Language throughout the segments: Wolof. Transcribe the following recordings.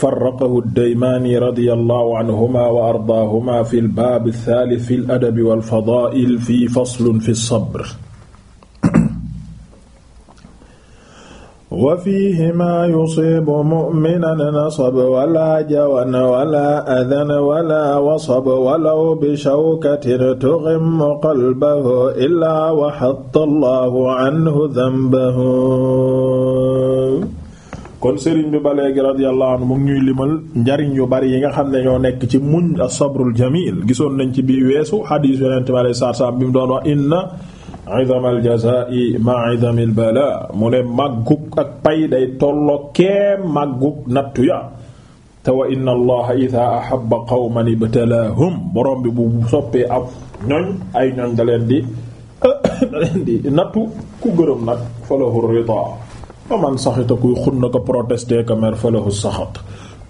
farraqahu ad-Daymaani radiyallahu anhumaa wa ardaahumaa fil baab ath-thaalith fil adabi wal fadaa'il fii faslun fi as-sabr wa fiihimaa yusiibu mu'minan nasab walaa jawan walaa adan walaa wasab walaw bishawkatin tughimmu qalbahu illaa wa hatta Allahu anhu dhanbahu kon sëriñ bi ba léegi radiyallahu anhu mu ngi ñuy limal njariñ yu bari yi nga xam ne ñoo nekk ci muñ as-sabrul jamil gisoon nañ ci bii weesu xadiis yonent bi mu doon wax inna idamal jazaa'i ma idamil bala mu ne màggug ak pay day tolloo keem màggug nattu ya te wa inna allaha ida ahabba qawman ibtalaahum borom bi bu soppee ab ñoñ ay ñoñ da leen di nattu ku gërëm nag falahu ridaa faman saxita kuy xunna ko protester ka mer saxat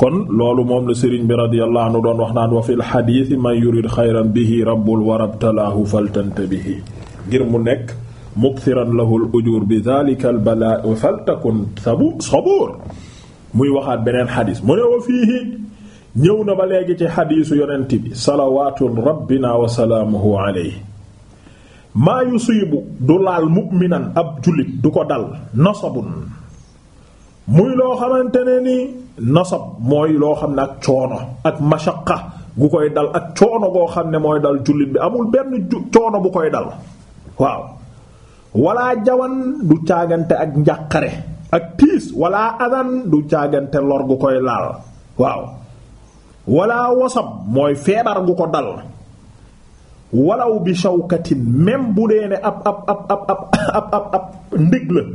kon loolu moom la sëriñ bi radiyallahu anhu doon wax naan wa fil xadiisi man yurid xayran bihi rabbul warabtalaahu bi bihi ngir mu nekk mukthiran lahul ujur bi dhalika al balaa faltakun sabu sabuur muy waxaat beneen xadiis mu ne wa fiihi ñëw na ba léegi ci xadiisu yonent bi salawaatu rabbina wa salaamuhu alayhi maa yusiibu du laal mu'minan ab jullit du ko dal nasabun muy loo xamante ne ni nosob mooy loo xam ne ak coono ak machaqa gu koy dal ak coono goo xam ne mooy dal jullit bi amul benn coono bu koy dal waaw wala jawan du caagante ak njàqare ak tiis wala adan du caagante lor gu koy laal waaw wala wasab mooy feebar gu ko dal walaw bi shawkatin même bu dee ne ab ab ab ab ab ab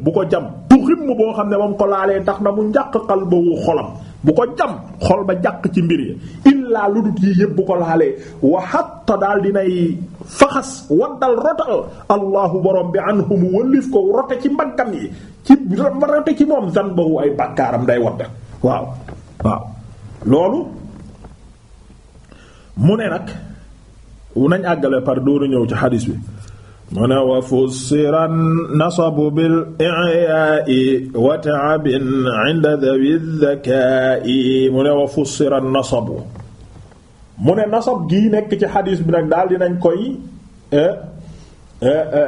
bu ko jam tu boo xam ne moom ko laalee tax na mu njàq xalbawu xolam bu ko jam xol ba jàq ci mbir yi illaa lu dut yi yëpp bu ko laalee wa hatta daal dinay faxas waddal rotal allahu borom bi anhu mu wëllif ko rote ci mbaggam yi ci rote ci moom zanbahu ay bàkkaaram day wadda waaw waaw loolu mu ne nag nañ àggale par dooru ñëw ci xadis bi mu ne wa fussira nasabu bil i'ya'i wa ta'abin nasab gii nekk ci xadis bi nag daal dinañ koy eh, eh, eh,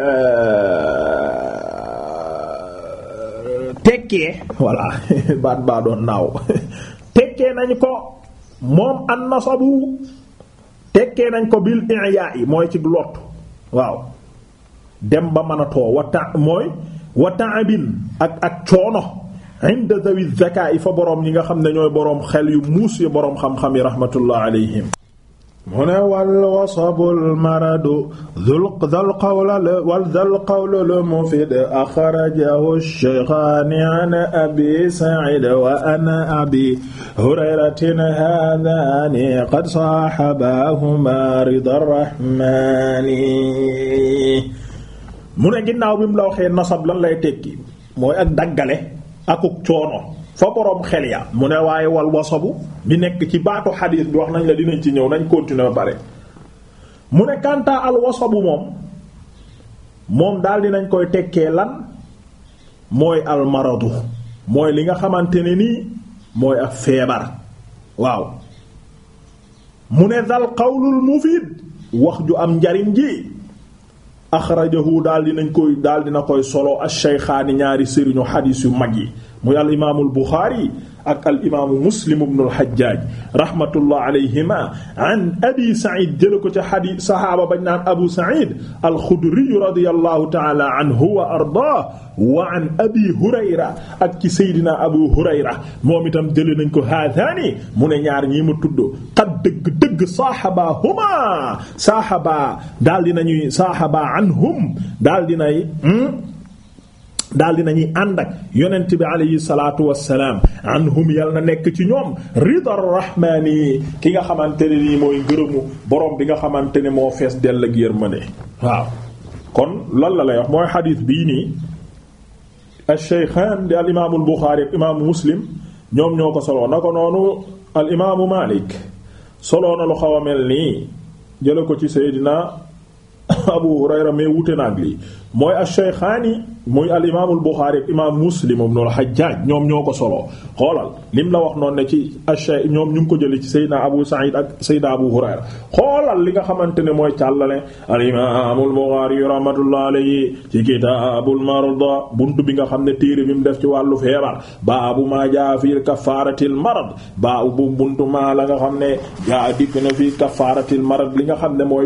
tekkee voilà baat baa doon naaw tekkee nañ ko moom an nasabu tekkee nañ ko bil i'ya yi mooy ci lott waaw dem ba mën a too wa ta mooy wa ta'abin ak ak coono a zawi zaka yi fa boroom ñi nga xam ne ñooy boroom xel yu muus yu boroom xam-xam yi rahmatullah alayhim mu ne wal wasabul maradu dhul dhal qawla wal dhal qawla lu mufid axrajahu shaykhaani an abi sa'id wa an abi hurayratin haadhaani qad saahabaahuma ridar rahmaani mu ne ginnaaw bi mu la waxee nasab lan lay tekki mooy ak daggale akuk coono fa boroom xel ya mu ne waaye wal wasabu bi nekk ci baatu xadiis bi wax nañ la dinañ ci ñëw nañ continuer ba pare mu ne kanta al wasabu moom moom daldi dinañ koy tekkee lan mooy al mooy li nga xamante ne nii mooy ak feebar waaw mu ne dal qawlul mufiid wax ju am njariñ ji axrajahu daal dinañ koy daal na koy solo ash-shaykhaani ñaari sëriñu xadiis yu mag yi muy al imaamul Buxaari ak al imaamu muslim ibn al hajjaj rahmatullah alayhima an abi sa'id jëla ko ca xadi sahaaba bañ naan abu sa'id al xudri radiyallahu ta'ala anhu wa ardaah wa an abi hurayra ak ci saydina abu hurayra moom itam jële nañ ko haadaani mu ne ñaar ñii ma tudd qad dëgg dëgg saahabahuma saahaba daal dinañuy saahaba anhum daal dinay hmm? daal di nañuy ànd ak yonent bi alayhi salaatu wassalaam yal na nekk ci ñoom rida rahmaani ki nga xamante ne nii mooy ngërëmu borom bi nga xamante ne moo fees dell ak yërmande waaw kon loolu la lay wax mooy xadiis bii nii ash-shaykhaan di al imaamu al buxaari ak imaamu muslim ñoom ñoo ko soloo na ko noonu al imaamu maalik soloo lu xaw a mel nii jële ko ci seydina Abu Hurayra mais wute naag lii mooy ash-Shaykhaani muy al imaamul Buxaari imaam Muslim ibn al-Hajjaaj ñoom ñoo ko soloo xoolal lim la wax noonu ne ci ash ñoom ñu ngi ko jëlee ci Seydina Abu Saïd ak Seydina Abu Hurayra xoolal li nga xamante ne mooy càllale al imaamul Buxaari rahmatullahi alayhi ci kitaabul marda bunt bi nga xam ne téere bi mu def ci wàllu feebar baabu maa jaa fii kafaaratil marad baabu buntu maa la nga xam ne jaa dikk na fii kafaaratil li nga xam ne mooy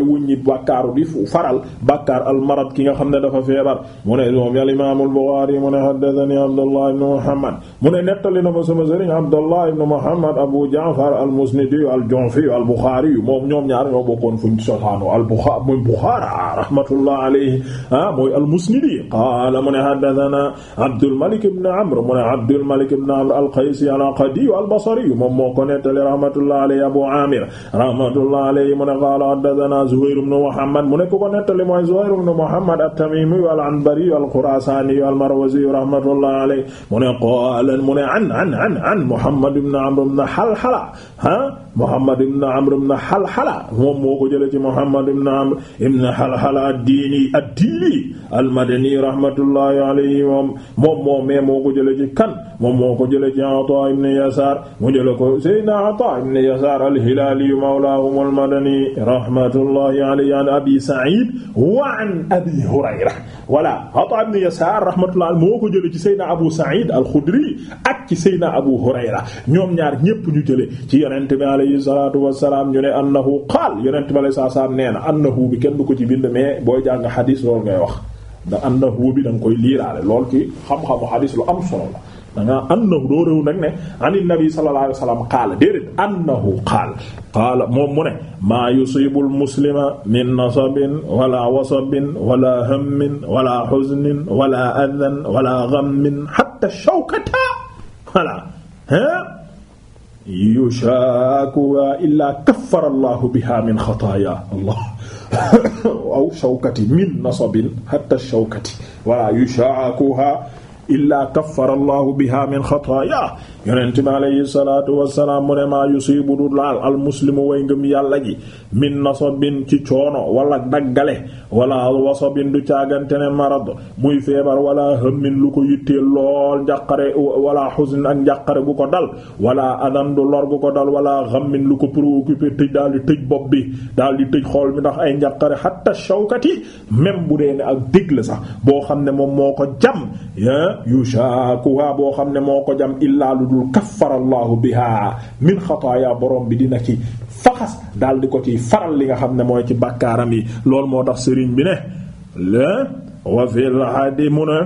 faral bàkkaar almarad ki nga xam ne dafa feebar mu ne moom al imaam al-Buxaari mu ne haddathani Abdullah ibn Muhammad mu ne nettali na ma sama sëriñ Abdullah ibn Muhammad Abu Ja'far al-Musnidi al-Ju'fi al-Buxaari moom ñoom ñaar ñoo bokkoon fuñ sotaano al-Buxaari mooy Buxaara rahmatullah alayhi ah mooy al-Musnidi qaala mu ne haddathana Abdul Malik ibn Amr mu ne Abdul Malik ibn Amr al-Qaysi al-Aqadi al-Basri moom moo ko nettali rahmatullah alayhi Abu Amir rahmatullah alayhi mu ne qaala haddathana Zuhayr ibn Muhammad mu ne ko nettali mooy Zuhayr ibn Muhammad at-Tamimi al-Anbari al-Khurasani al-Marwazi rahmatullahi alayhi mu ne qaala mu ne an an an an Muhammad ibn Amr ibn Halhala ah Muhammad ibn Amr ibn Halhala moom moo ko jëlee ci Muhammad ibn Amr ibn Halhala ad-Dini ad-Dili al-Madani rahmatullahi alayhi moom moom moom mais moo ko jëlee ci kan moom moo ko jëlee ci Ata ibn Yasar mu jëlee ko Sayyidina Ata ibn Yasar al-Hilali mawlahum al-Madani rahmatullahi alayhi an Abi Sa'id Sa'id wa an Abi Hurayra voilà Ata ibn Yasar rahmatullah moo ko jëlee ci Seydina Abu Sa'id al-Khudri ak ci Seydina Abu Hurayra ñoom ñaar ñépp ñu jëlee ci yonent bi alayhi salaatu wassalaam ñu ne annahu qaal yonent bi alayhi salaam nee na annahu kenn du ko ci bind mais booy jàng xadiis loolu ngay wax da annahu bi da nga koy liiraale lool ci xam-xamu xadiis lu am solo la dangaa annahu doo réew nag ne ani nabi sallallahu alayhi wasallam qaala déedéet annahu qaala qaala moom mu ne maa yusibul muslima min nasabin wala wasabin wala hammin wala huznin wala adan wala ghammin hatta shawkata wala ha yushaakuha illaa kaffara allahu biha min xataaya allah aw shawkati min nasabin hatta shawkati wala yushaakuha illaa kaffara allahu biha min xataaya yonent bi alayhi salaatu wassalaam mu ne maa yusibu du laal al muslimu way ngëm yàlla ji min nasabin ci coono wala daggale wala wasabin du caagante ne marad muy feebar wala hammin lu ko yitteel lool njàqare wala xusn ak njàqare gu ko dal wala adam du lor gu ko dal wala xammin lu ko préoccupé tëj daal di tëj bopp bi daal di tëj xool bi ndax ay njàqare xatta shawkat yi même bu dee ne ak dég la sax boo xam ne moom moo ko jam ya yushaakuha boo xam ne moo ko jam illaa dul kaffara allahu biha min xataaya borom bi dina ci faxas daal di ko ci faral li nga xam ne mooy ci bàkkaaram yi loolu moo tax sëriñ bi ne la wa fil hadi mu ne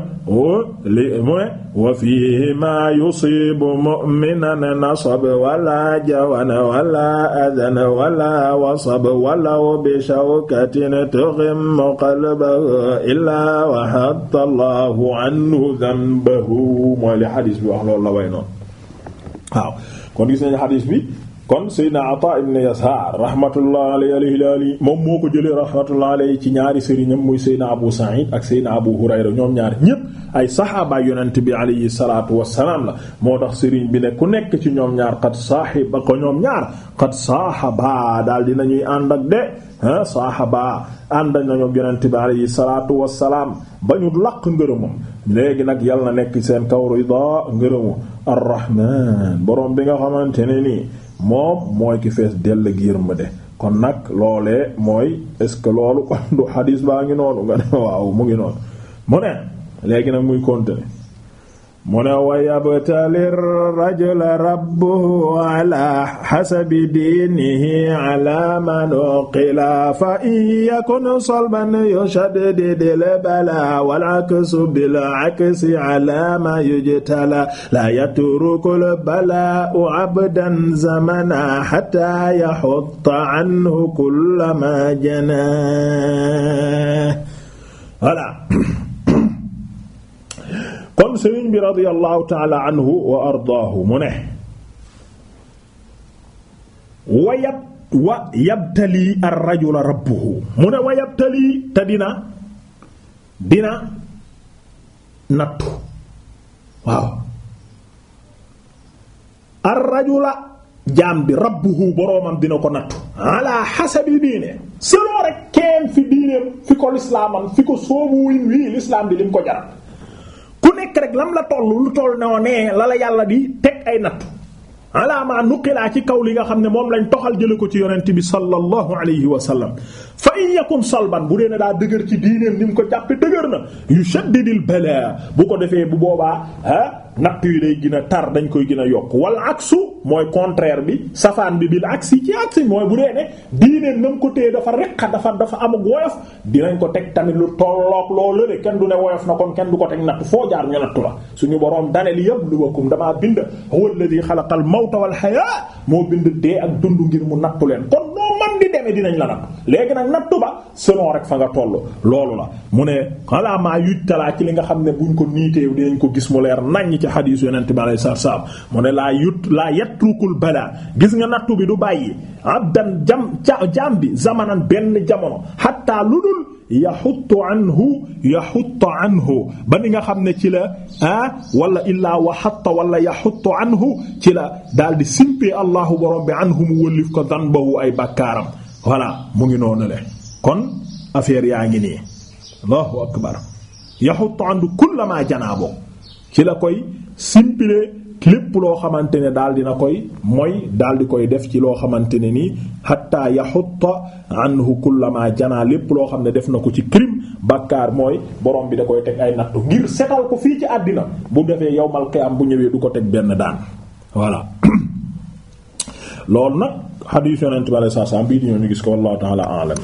li mu ne wa fihima yusibu mu'minan nasab wala jawan wala adan wala wasab walaw bi shawkatin tughimmu qalbahu illa wa hatta allahu anhu dhanbahu mooy li xadiis bi wax loolu la way noonu waaw kon gis nañu xadiis bi kon Seydina Ata ibn Yasar rahmatullah alayhi moom moo ko jëlee rahmatullah alayhi ci ñaari sëriñam muy Seydina Abu Sa'id ak Seydina Abu Hurayra ñoom ñaar ñépp ay saxaaba yonent bi alayhi salaatu wassalaam la moo tax sëriñ bi ne ku nekk ci ñoom ñaar qad saahiba ko ñoom ñaar qad saahaba daal nañuy ànd ak de ah saahaba ànd nañu yonent bi alayhi salaatu wassalaam ba ñu laq ngërëmam léegi nag yal na nekk seen kaw ridaa ngërëmu arrahman borom bi nga xamante ne nii moom mooy ki fees dell giir mu de kon nag loolee mooy est-ce que loolu kon xadiis baa ngi noonu nga ne waaw mu ngi noonu mu ne léegi nag muy continuer mu ne wa yabtali rajula rabbuhu ala hasabi diinihi ala man uqila fa in yakun salban yushaddid al-bala wal aksu bil aksi ala ma yujtala la yatruku al-bala abdan zamana hatta yahutta anhu kulla ma jana voilà kon sëriñ bi radiyallahu taala anhu wa ardaahu mu ne wa yab wa yabtalii ar rabbuhu mu ne wa yabtalii te dina dina nattu waaw ar jaam bi rabbuhu boroomam dina ko nattu ala xasabi diine selon rek kenn fi diineem fi ko lislaamam fi ko soobu win lislaam bi lim ko jaral nekk lam la toll lu toll noo nee la la yàlla di teg ay natt alaama nuqilaa ci kaw li nga xam ne moom lañ toxal jële ko ci yonent bi sallallahu alayhi wa sallam fa in yakum salban bu dee ne daa dëgër ci diineem ni mu ko jàppe dëgër na yushaddidil balaa bu ko defee bu boobaa ah natt yu day gën a tar dañ koy gën a yokk wal aksu mooy contraire bi safaan bi bil aksi ci aksi mooy bu dee ne diineen na ko téye dafa reqa dafa dafa amuk woyof dinañ ko teg tamit lu tolloog loo le kenn du ne woyof na kon kenn du ko teg natt foo jaar ñu nattu la suñu boroom dane li yabluwakum damaa bind huwa alladhi xalaqal mawta wal hayaa moo bind dee ak dund ngir mu nattu leen kon man di demee la léegi nag nattu ba selon rek fa nga toll loolu la mu ne xalaa maa yuj talaa ci li nga xam ne buñ ko niiteew dinañ ko gis mu leer naññ ci xadiis yonent bi alei satu salaam mu ne laa yut laa yatrukul bala gis nga nattu bi du bàyyi abdan jam jaam bi zamanan benn jamono hatta lu dul yaxuttu anhu yaxuttu anhu ba ni nga xam ne ci la ah wala illaa waxatta wala yaxuttu anhu ci la daal di simpee allahu borom bi anhu mu wëlif ko danbahu ay bàkkaaram voilà mu ngi noonu le kon affaire yaa ngi nii allahu akbar yaxutu andu kullama janaabo ci la koy simpile lépp loo xamante ne daal dina koy mooy daal di koy def ci loo xamante ne nii hatta yaxutta anhu kullama janaa lépp loo xam ne def na ko ci crime bàkkaar mooy borom bi da koy teg ay nattu ngir setal ko fii ci àddina bu defee yowmal qiyam bu ñëwee du ko teg benn daan voilà loolu nag xadiis yonent bi sallallahu alayhi wasallam bii di ñëw ñu gis ko wallahu ta'ala a'lam